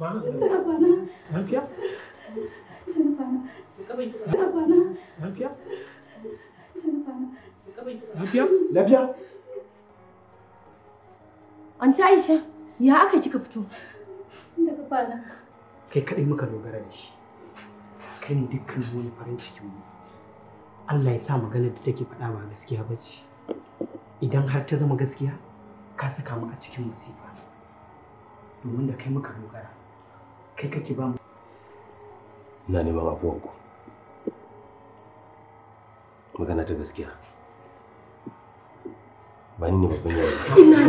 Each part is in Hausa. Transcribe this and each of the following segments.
ba lafiya aisha ya aka kika fito kai kaɗai muka dogara da shi kai ne dukkan wani farin cikin mu Allah ya sa maganar da take faɗa ba gaskiya ba ce idan har ta zama gaskiya ka saka mu a cikin masifa domin da kai muka dogara kai kake ba mu ina neman afuwan ku magana ta gaskiya ba ni ne babban yaro ina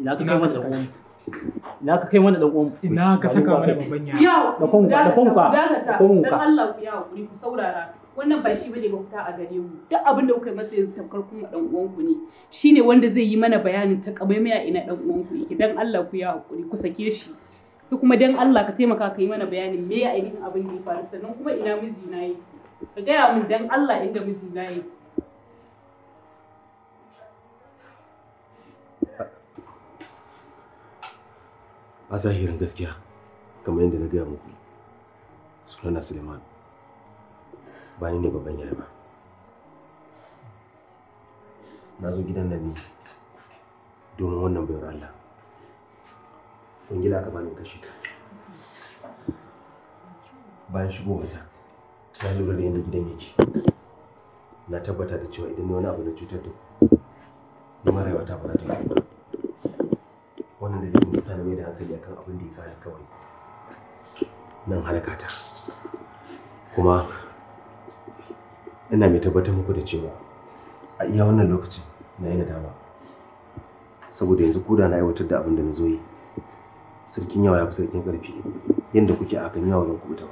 Ina ka kai masa uwan Ina ka kai mana uwan Ina ka saka mana babban yaro Da kun da ka da kun ka Allah ku ku saurara wannan ba shi bane mafita a gare mu duk abin da kuka masa yanzu tamkar kuma dan uwan ku ne shine wanda zai yi mana bayanin ta kamaimaya ina dan uwan ku yake dan Allah ku ya hakuri ku sake shi ki kuma dan Allah ka taimaka ka yi mana bayanin me ya ainihin abin da ya faru sannan kuma ina miji na yi ka gaya min dan Allah inda miji na yi a zahirin gaskiya kamar yadda na gaya muku sunana Suleiman ba ni ne babban ba na zo gidan nan ne domin wannan bayar Allah ƙungila ka bani kashe ta bayan shigo ta na lura da yadda gidan yake na tabbata da cewa idan wani abu da cutar da mara yawa ta fara ta wannan da ya sa na mai da hankali akan abin da ya kawai nan halaka ta kuma ina mai tabbatar muku da cewa a iya wannan lokacin na yi nadama saboda yanzu koda na aiwatar da abin da na zo yi sarkin yawa ya fi sarkin ƙarfi yadda kuke a kan yawa zan ta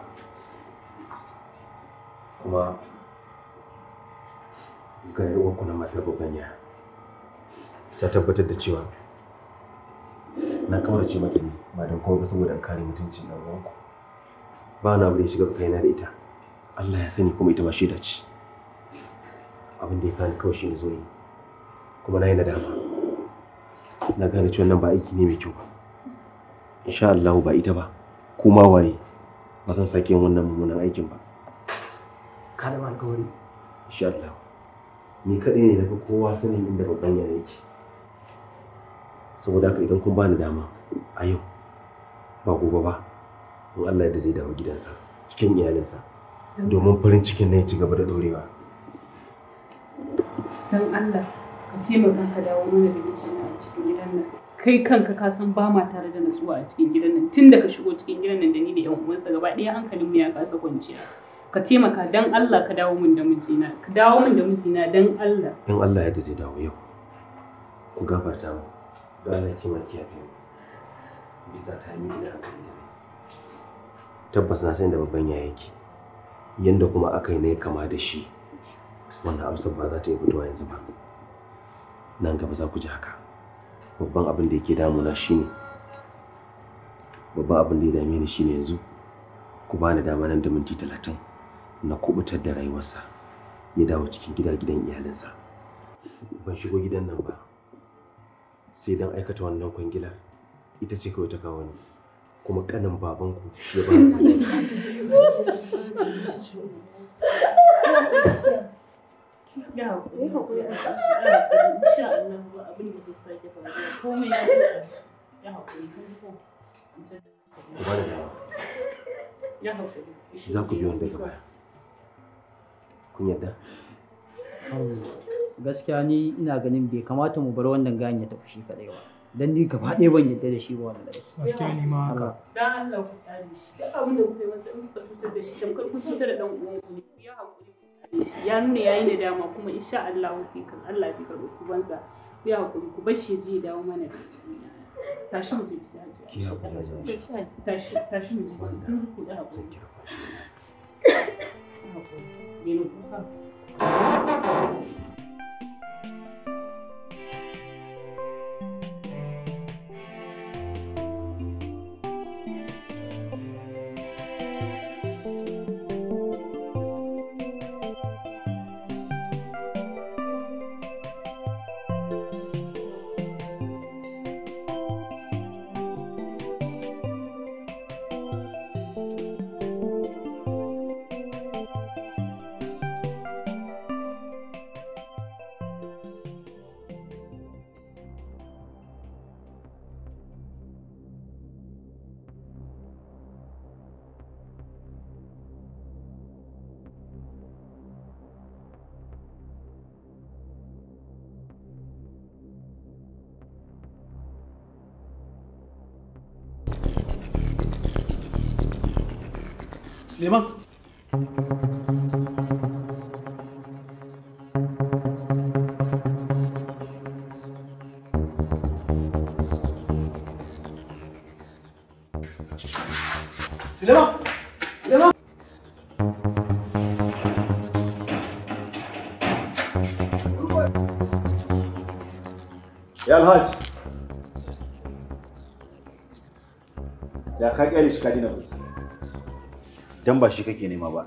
ba kuma ga ku na matar babban yaya ta tabbatar da cewa na kaurace mata ne ba don kuma ba saboda an kare mutuncin ɗan uwanku ba na abu da ya shiga kaina da ita Allah ya sani kuma ita ma shaida ce abin da ya kawo kawai shi ne zo kuma na yi nadama na gane cewa nan ba aiki ne mai kyau ba insha Allah ba ita ba kuma waye ba zan sake yin wannan mummunan aikin ba ka da alƙawari insha Allah ni kaɗai ne na fi kowa sanin inda babban yana yake saboda haka idan kun ba ni dama a yau ba gobe ba in Allah da zai dawo gidansa cikin iyalinsa domin farin cikin na ya ci gaba da ɗorewa. don Allah ka taimaka ka dawo mana da mijina a cikin gidan nan kai kanka ka san ba ma tare da nasuwa a cikin gidan nan tun da ka shigo cikin gidan nan da ni da yan uwansa gaba ɗaya hankalinmu ya kasa kwanciya ka taimaka don Allah ka dawo min da mijina ka dawo min da mijina don Allah in Allah ya da zai dawo yau ku gafarta mu don Allah ki ma kiyaye mu bisa ta yi da hankali da tabbas na san da babban yaya yake yanda kuma aka yi ne kama da shi wanda amsar ba za ta yi fitowa yanzu ba nan gaba za ku ji haka babban abin da yake damuna shine babban abin da ya dame ni shine yanzu ku bani dama nan da minti talatin na kubutar da rayuwarsa ya dawo cikin gida gidan iyalinsa ban shigo gidan nan ba sai dan aikata wannan kwangilar ita ce kawai ta kawo ni kuma kanin babanku ya ba Ya Za ku biyo Kun Gaskiya ni ina ganin bai kamata mu bar wannan gayan ya tafi shi kaɗai ba. Dan ni gaba ɗaya ban yadda da shi ba wannan ɗaya. Gaskiya ni ma haka. Dan Allah ku tare shi. Duk abin da in da shi da Ya ya nuna yayi da dama kuma insha Allah zai kan Allah zai karɓi kubansa ku ya hakuri ku bashi ji dawo mana da tashi mu ji tashi tashi mu ji ku da hakuri ne ku ka Suleiman. Suleiman. Suleiman. Ya Alhaji. Ya ka kyale shi ka dan ba shi kake nema ba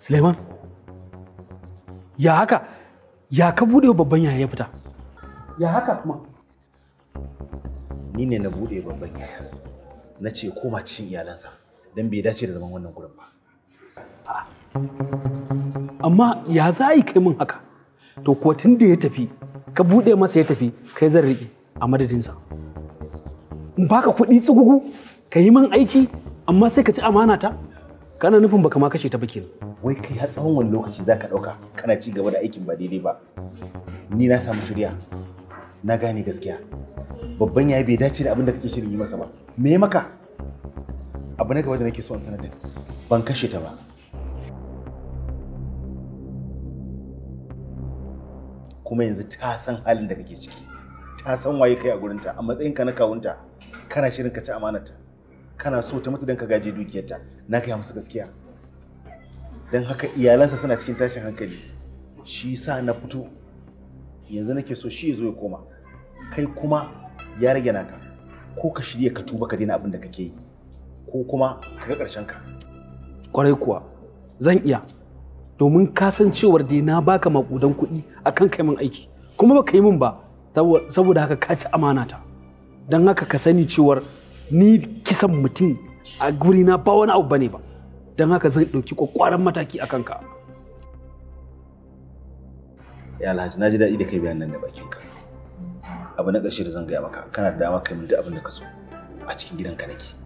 Suleiman, ya haka, ya ka buɗe babban yaya ya fita? Ya haka kuma? Ni ne na buɗe babban yaya. na ce koma cikin iyalansa don bai dace da zaman wannan gurin ba amma ya za a yi kai min haka to ko tun da ya tafi ka buɗe masa ya tafi kai zan riƙe a madadinsa in baka kuɗi tsugugu ka yi min aiki amma sai ka ci amana ta kana nufin baka ma kashe ta ba wai kai har tsawon wani lokaci za ka ɗauka kana ci gaba da aikin ba daidai ba ni na samu shirya na gane gaskiya babban yayi bai dace da abin da kake shirin yi masa ba me maka abu na gaba da nake so in sanar da ban kashe ta ba kuma yanzu ta san halin da kake ciki ta san waye kai a gurinta a matsayin ka na kawunta kana shirin ka ci amanarta kana so ta mutu don ka gaje dukiyarta na gaya musu gaskiya don haka iyalansa suna cikin tashin hankali shi sa na fito yanzu nake so shi zo ya koma kai kuma ya rage naka ko ka shirya ka tuba ka daina abin da kake yi ko kuma ka ga karshen ka kwarai kuwa zan iya domin kasancewar dai na baka makudan kuɗi akan kai min aiki kuma baka yi min ba saboda haka ka ci amana ta don haka ka sani cewar ni kisan mutum a guri na ba wani abu bane ba don haka zan ɗauki kwakwaran mataki a kanka. ya alhaji na ji daɗi da kai bayan nan da bakin ka abu na ƙarshe da zan gaya maka kana da dama kai min duk abin da ka so a cikin gidanka nake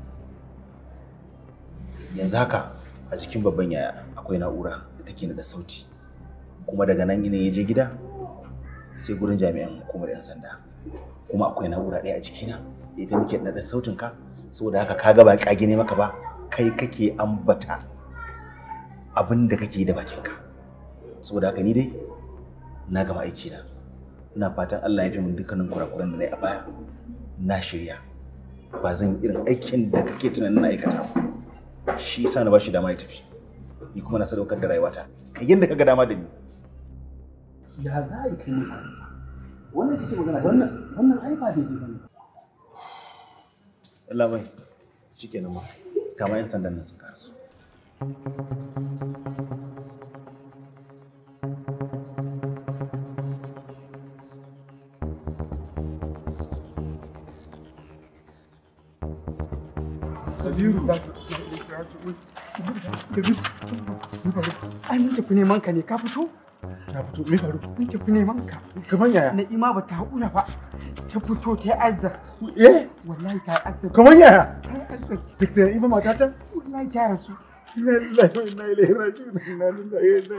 yanzu haka a jikin babban yaya akwai na'ura da take da sauti kuma daga nan ina ya je gida sai gurin jami'an hukumar 'yan sanda kuma akwai na'ura ɗaya a jikina ita muke da sautin ka saboda haka ka gaba ba ƙage ne maka ba kai kake ambata abin da kake yi da bakinka saboda haka ni dai na gama aiki na ina fatan Allah ya fi min dukkanin kurakuran da na yi a baya na shirya ba zan yi irin aikin da kake tunanin na aikata ba shi yasa na bashi dama ya tafi ni kuma na sadaukar da rayuwata yadda kaga dama da ni ya za a yi kai mutu wannan ita ce magana ta wannan wannan ai ba daidai bane Allah mai, shikenan ma kama yan sandan nan sun kasu Kabiru. Ai mun tafi neman ka ne ka fito? Na fito me faru? Mun tafi neman ka. Kamar yaya? Na'ima ba ta haƙura ba. Ta fito ta yi azza. Eh? Wallahi ta yi azza. Kamar yaya? Ta yi azza. Duk da Na'ima mata ta? Wallahi ta rasu. Na na ilaihi raji'un. Na lillahi na ilaihi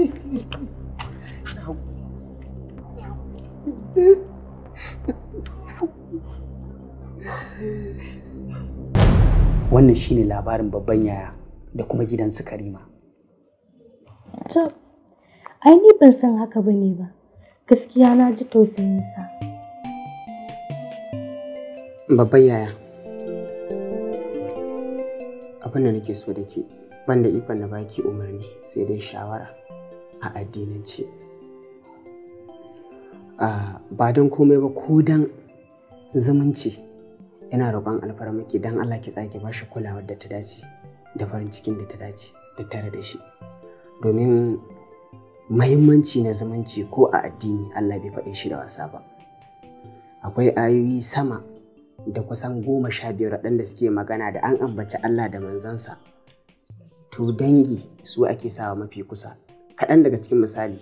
raji'un. wannan shine labarin babban yaya da kuma gidan su karima to ni ban san haka ne ba gaskiya na ji tausayinsa babban yaya abin da nake so da ke ban da ikon na baki umarni sai dai shawara a addinance ah, ba don komai ba ko don zumunci ina roƙon alfarmaki don Allah ki tsake ba shi kulawar da ta dace da farin cikin da ta dace da tare da shi domin mahimmanci na zamanci ko a addini Allah bai faɗe shi da wasa ba akwai ayoyi sama da kusan goma sha biyar waɗanda suke magana da an ambaci Allah da manzansa to dangi su ake sawa mafi kusa kaɗan daga cikin misali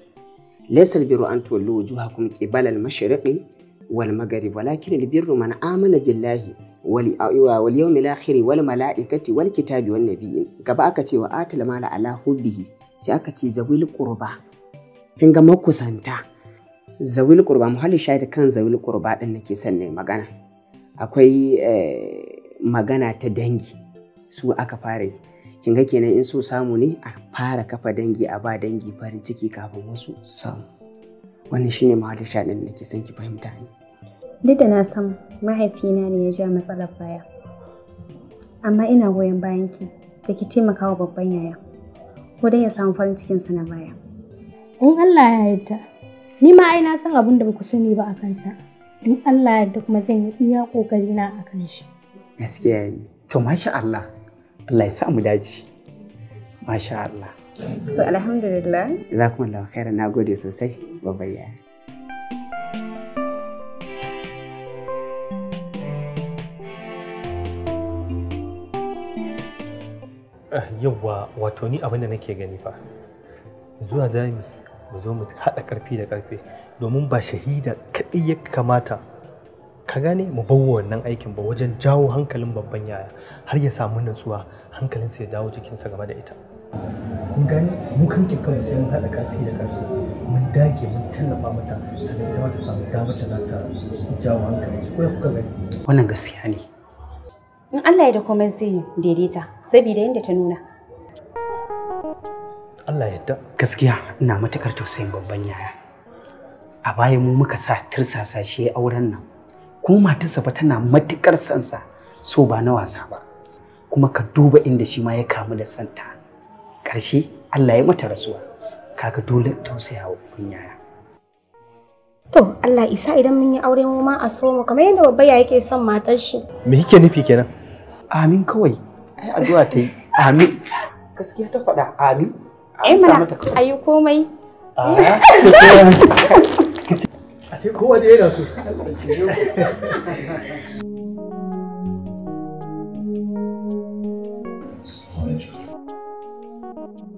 laisal biru an tuwallo wujuhakum qibalal mashriqi wal maghrib walakin al man amana billahi wal wal yawmil akhir wal malaikati wal kitabi wan nabiyyin gaba aka ce wa atil mala ala hubbihi sai aka ce zawil qurba kin ga makusanta zawil qurba muhalli shahid kan zawil qurba din nake san ne magana akwai eh, magana ta dangi su aka fara yi kin ga kenan in so samu ne a fara kafa dangi a ba dangi farin ciki kafin wasu samu wannan shine mahallin shaɗin da ke son ki fahimta ni duk da na san mahaifina ne ya ja matsalar baya amma ina goyon bayan ki da ki taimaka wa babban yaya ko dai ya samu farin cikinsa na baya in Allah ya yarda ni ma ai na san abin da baku sani ba a kansa in Allah ya yarda kuma zan yi iya kokari na a kan shi gaskiya ne to masha Allah Allah ya sa mu dace masha Allah So alhamdulillah. Za kuma khairan na gode sosai babayya. Eh, Yawwa wato ni abin da nake gani fa. Zuwa jami mu zo mu haɗa karfi da karfe domin ba shahida kaɗai ya kamata ka gane mu bawo wannan aikin ba wajen jawo hankalin babban yaya har ya samu natsuwa hankalinsa ya dawo jikinsa game da ita. kun gani mukan kan kin kanmu sai mun haɗa ƙarfi da ƙarfi mun dage mun tallafa mata sannan ita ta samu damar da zata jawo hankali shi ko kuka gani wannan gaskiya ne in Allah ya da komai zai daidaita saboda yadda ta nuna Allah ya da gaskiya ina matukar tausayin babban yaya a baya mu muka sa tirsasa shi auren nan kuma matarsa fa tana matukar sansa so ba na wasa ba kuma ka duba inda shi ma ya kamu da santa karshe Allah ya mata rasuwa kaga dole tausaya wa kunyaya to Allah isa idan mun yi aure mu ma a so mu kamar yadda babba ya yake son matar shi me yake nufi kenan amin kawai ai addu'a ta yi amin gaskiya ta faɗa amin eh, ai mana ayi komai a ah. sai kowa da yana so السلام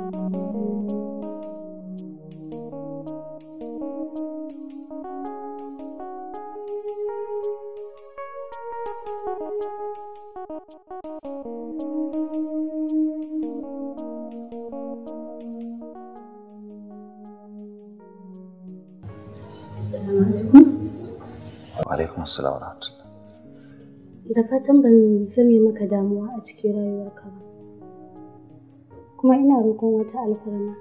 عليكم وعليكم السلام ورحمة الله إذا فاتن بل سمي مكا داموا أتكي kuma ina roƙon wata alfarma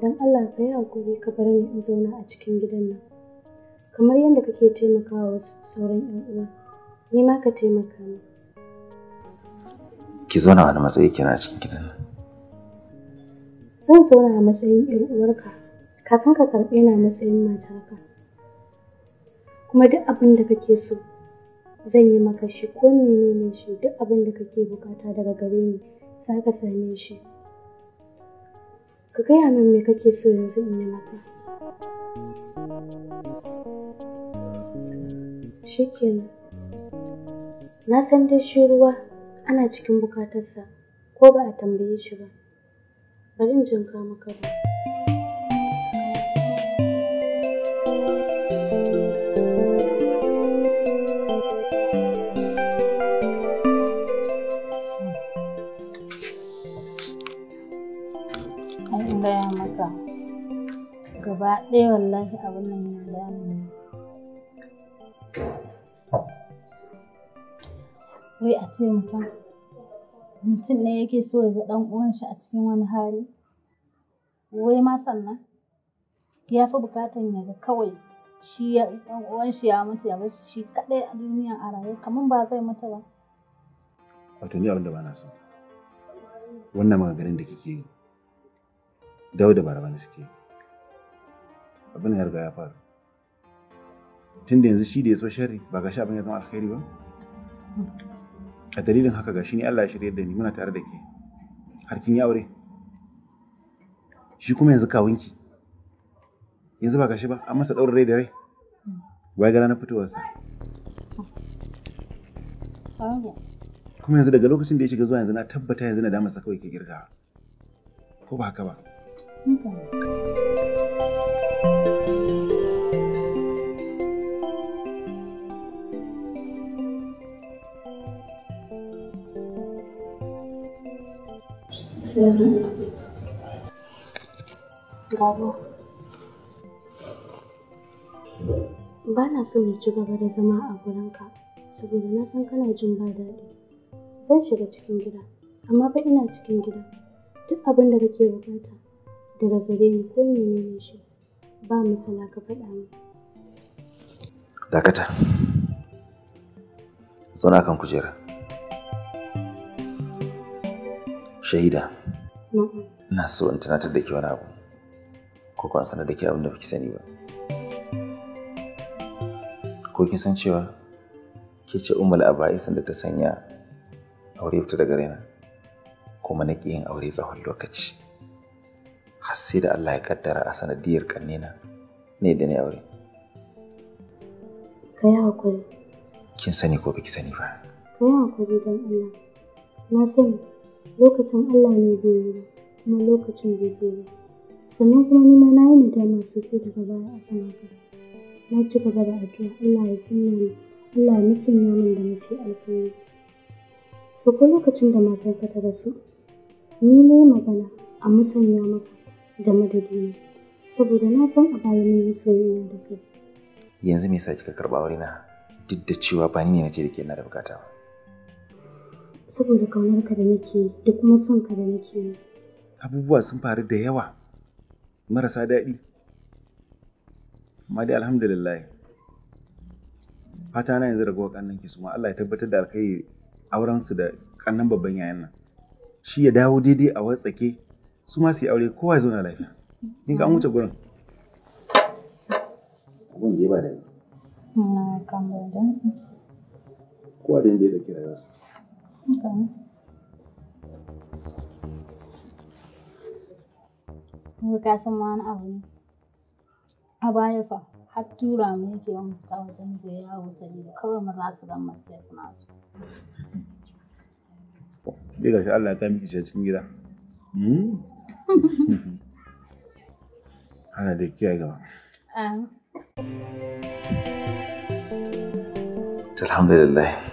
don Allah ka yi hakuri ka bar ni in zauna a cikin gidan nan kamar yadda kake taimakawa wasu sauran 'yan uwa ni ma ka taimaka ni. ki zauna wani matsayi kina cikin gidan nan zan zauna a matsayin 'yar uwarka kafin ka karɓe na matsayin matarka kuma duk abin da kake so zan yi maka shi ko menene shi duk abin da kake bukata daga gare ni za ka same shi ka gaya min me kake so yanzu in yi maka shikenan na san dai shi ruwa ana cikin bukatarsa ko ba a tambaye shi ba bari in jinka maka ba ɗaya wallahi abin nan damu wai a ce mutum mutum ne yake so ya ga ɗan uwan shi a cikin wani hali wai ma sannan ya fi bukatan ya ga kawai shi ɗan uwan shi ya mutu ya bar shi kaɗai a duniya a rayuwa kamar ba zai mutu ba wato ni abin da ba na son wannan maganganun da kike yi dauda ba suke yi abin ya riga ya faru tun da yanzu shi da ya so sharri ba ga shi abin ya zama alkhairi ba a dalilin haka ga shi ne Allah ya shirya da ni muna tare da ke har kin yi aure shi kuma yanzu kawunki yanzu ba ga shi ba an masa ɗaurin rai da rai wai gara na fitowarsa kuma yanzu daga lokacin da ya shiga zuwa yanzu na tabbata yanzu na damarsa kawai ke girgawa ko ba haka ba bana ba na so na ci gaba da zama a gurinka saboda na san kana jin ba daɗi zan shiga cikin gida amma fa ina cikin gida duk abin da kake bukata daga gare ni ko menene shi ba misala ka faɗa min dakata zauna kan kujera shaida mm. ina so in tunatar da ke wani abu ko kuwa sanar da ke abin da baki sani ba ko kin san cewa ke ce umar aba'isan da ta sanya aure fita daga raina kuma na yin aure tsawon lokaci har sai da Allah ya kaddara a sanadiyar ƙannena. ne da ni aure ka yi hakuri kin sani ko biki sani ba ka yi hakuri don Allah na sani lokacin Allah ne zai ba, kuma lokacin da zo ba sannan kuma nima na yi nadama sosai daga baya kan haka na ci gaba da addu'a Allah ya sanya ni Allah ya sanya min da mafi alkhairi so ko lokacin da ka ta rasu ni ne magana a musanya maka da ne saboda na san a baya ne yi soyayya da kai yanzu me yasa kika karɓa wurina duk da cewa ba ni ne nace da ke na da bukata ba saboda ka da nake da kuma son ka da nake abubuwa sun faru da yawa marasa daɗi amma dai alhamdulillah fata na yanzu daga wakannan ki suma Allah ya tabbatar da alkai auren su da kannan babban yayan nan shi ya dawo daidai a watsake su ma su yi aure kowa ya zauna lafiya in ka an wuce gurin abun da ya ba da yi kowa da inda ya dauki rayuwarsa Kuma ka san ma wani abu A baya fa har tura mu yake yawan fita wajen je yawo saboda kawai maza su gan masu sai suna so. Dai gashi Allah ya kai miki cikin gida. Hmm? Ana da kiyaye gaba. Alhamdulillah.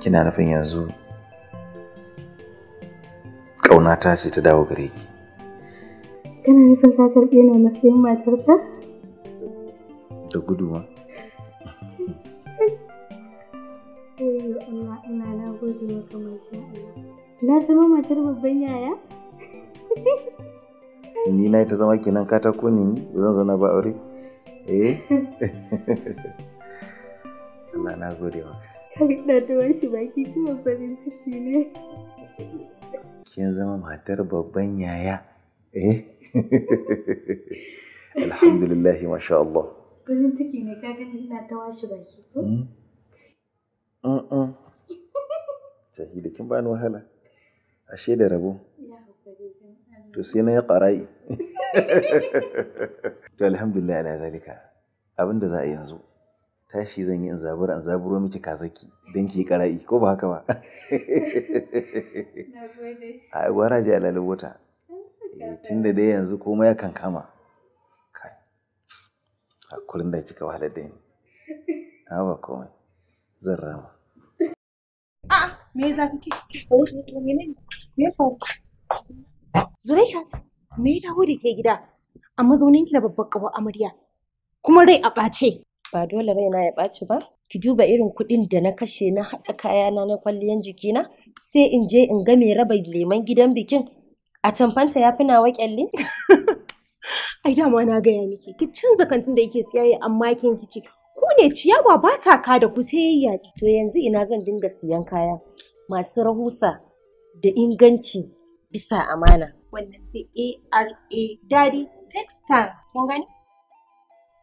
kina nufin yanzu ƙaunata ce ta dawo gare ki kana nufin ka karɓe ni matsayin matarka da guduwa Allah ina na gode maka Allah na zama matar babban yaya ni na ta zama kenan katako ne zan zauna ba aure eh Allah na gode maka na ta washe baki kuma farin ciki ne kin zama matar babban yaya eh alhamdulillah masha Allah farin ciki ne ka gani ina ta washe baki ko da mm. kin bani wahala ashe da rabo ya ƙara'i za a yanzu tashi zan yi in zabura in zaburo miki kazaki don ki yi kara'i ko ba haka ba a gwara ji alalin wuta tun da dai yanzu komai ya kankama kai hakurin da kika wahalar da ni a ba komai zan rama a ah, me za ka ke me faru zulaihat me ya dawo da ke gida a ki da babbar kawo amarya kuma rai a ɓace ba dole raina ya ɓaci ba ki duba irin kuɗin da na kashe na haɗa kayana na kwalliyan jikina sai in je in ga mai raba leman gidan bikin a tamfanta ya fi nawa kyalli ai dama na gaya miki ki canza kantin da yake siyayya amma kin kici ku ne ciyawa ba ta ka da ku sai yaƙi to yanzu ina zan dinga siyan kaya masu rahusa da inganci bisa amana wannan sai ARA Daddy Textiles kun gani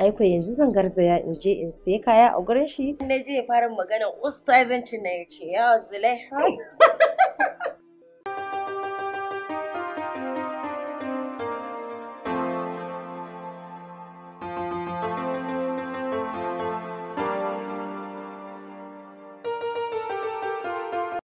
aiko yanzu zan garzaya in je in sai kaya a gurin shi na je ya fara magana ustazancin na ya ce ya zule